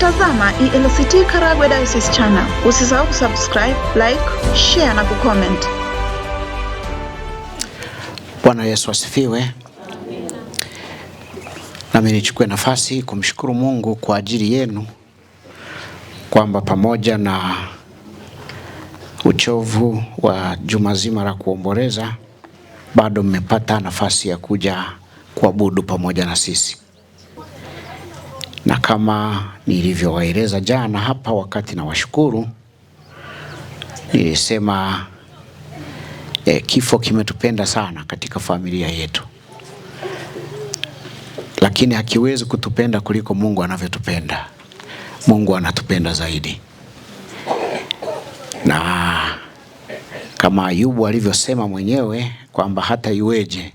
Unatazama ELCT Karagwe Diocese Channel. Usisahau kusubscribe, like, share na kucomment. Bwana Yesu asifiwe. Nami nichukue nafasi kumshukuru Mungu kwa ajili yenu kwamba pamoja na uchovu wa juma zima la kuomboleza bado mmepata nafasi ya kuja kuabudu pamoja na sisi na kama nilivyowaeleza jana hapa wakati na washukuru, nilisema eh, e, eh, kifo kimetupenda sana katika familia yetu, lakini hakiwezi kutupenda kuliko Mungu anavyotupenda. Mungu anatupenda zaidi, na kama Ayubu alivyosema mwenyewe kwamba hata iweje,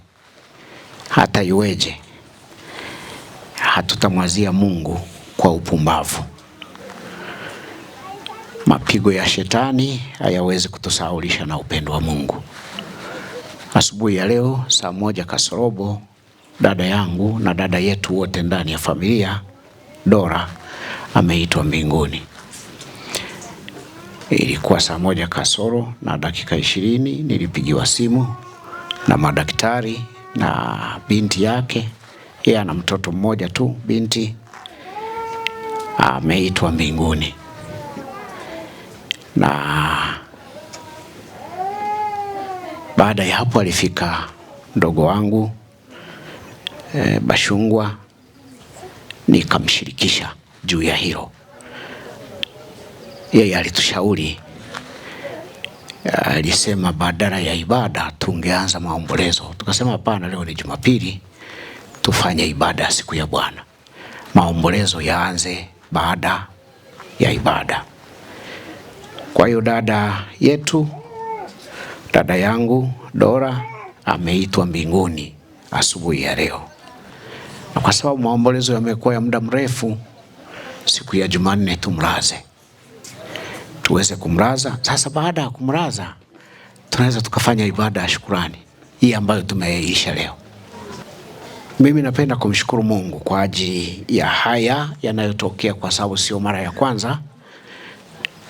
hata iweje hatutamwazia Mungu kwa upumbavu. Mapigo ya shetani hayawezi kutusahaulisha na upendo wa Mungu. Asubuhi ya leo saa moja kasorobo, dada yangu na dada yetu wote ndani ya familia Dora ameitwa mbinguni. Ilikuwa saa moja kasoro na dakika ishirini nilipigiwa simu na madaktari na binti yake yeye ana mtoto mmoja tu binti ameitwa mbinguni, na baada ya hapo alifika ndogo wangu e, Bashungwa, nikamshirikisha juu ya hilo. Yeye alitushauri alisema badala ya ibada tungeanza maombolezo. Tukasema hapana, leo ni Jumapili tufanye ibada siku ya Bwana. Maombolezo yaanze baada ya ibada. Kwa hiyo dada yetu, dada yangu Dora ameitwa mbinguni asubuhi ya leo, na kwa sababu maombolezo yamekuwa ya muda mrefu, siku ya Jumanne tumlaze, tuweze kumlaza. Sasa baada ya kumlaza, tunaweza tukafanya ibada ya shukurani hii ambayo tumeisha leo. Mimi napenda kumshukuru Mungu kwa ajili ya haya yanayotokea, kwa sababu sio mara ya kwanza.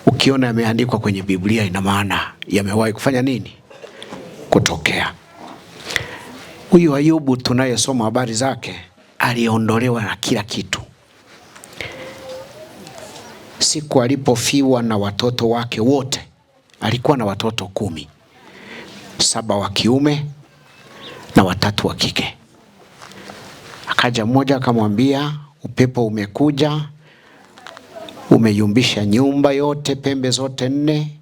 Ukiona yameandikwa kwenye Biblia, ina maana yamewahi kufanya nini? Kutokea. Huyu Ayubu tunayesoma habari zake aliondolewa na kila kitu. Siku alipofiwa na watoto wake wote, alikuwa na watoto kumi, saba wa kiume na watatu wa kike. Akaja mmoja akamwambia, upepo umekuja umeyumbisha nyumba yote, pembe zote nne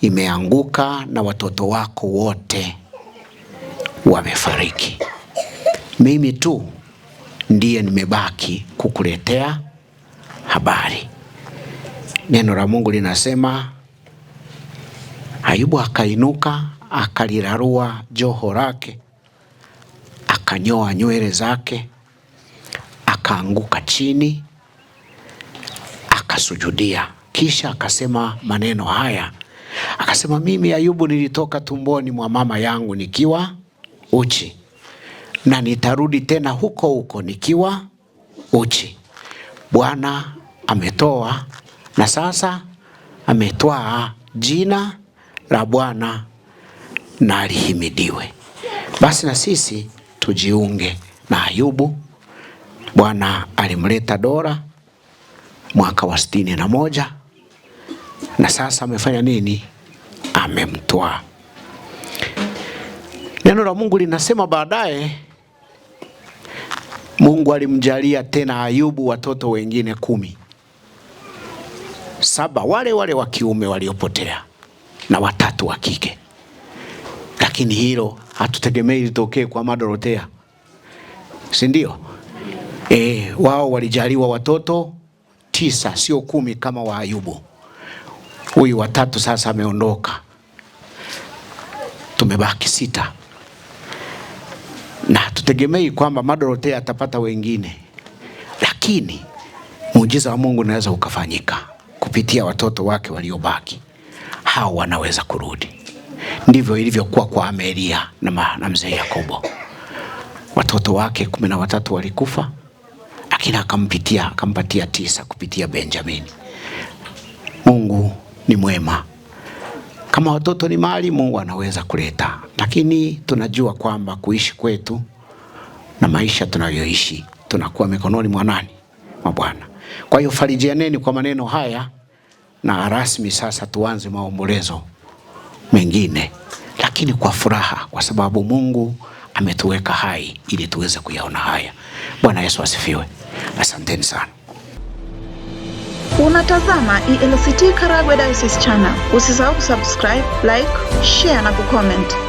imeanguka na watoto wako wote wamefariki. Mimi tu ndiye nimebaki kukuletea habari. Neno la Mungu linasema Ayubu akainuka akalirarua joho lake akanyoa nywele zake, akaanguka chini, akasujudia, kisha akasema maneno haya, akasema mimi Ayubu nilitoka tumboni mwa mama yangu nikiwa uchi na nitarudi tena huko huko nikiwa uchi. Bwana ametoa na sasa ametwaa, jina la Bwana na alihimidiwe. Basi na sisi tujiunge na Ayubu. Bwana alimleta Dora mwaka wa sitini na moja na sasa amefanya nini? Amemtwaa. Neno la Mungu linasema baadaye Mungu alimjalia tena Ayubu watoto wengine kumi saba, wale wale wa kiume waliopotea na watatu wa kike lakini hilo hatutegemei litokee kwa Madorotea, si ndio? E, wao walijaliwa watoto tisa, sio kumi kama wa Ayubu. Huyu watatu sasa ameondoka, tumebaki sita, na hatutegemei kwamba Madorotea atapata wengine, lakini muujiza wa Mungu unaweza ukafanyika kupitia watoto wake waliobaki. Hao wanaweza kurudi. Ndivyo ilivyokuwa kwa Amelia na, na mzee Yakobo. Watoto wake kumi na watatu walikufa, lakini akampitia akampatia tisa kupitia Benjamini. Mungu ni mwema. Kama watoto ni mali, Mungu anaweza kuleta, lakini tunajua kwamba kuishi kwetu na maisha tunayoishi tunakuwa mikononi mwa nani? Mwa Bwana. Kwa hiyo farijianeni kwa maneno haya, na rasmi sasa tuanze maombolezo mengine, lakini kwa furaha, kwa sababu Mungu ametuweka hai ili tuweze kuyaona haya. Bwana Yesu asifiwe. Asanteni sana. Unatazama ELCT Karagwe Diocese Channel. Usisahau kusubscribe, like, share na kucomment.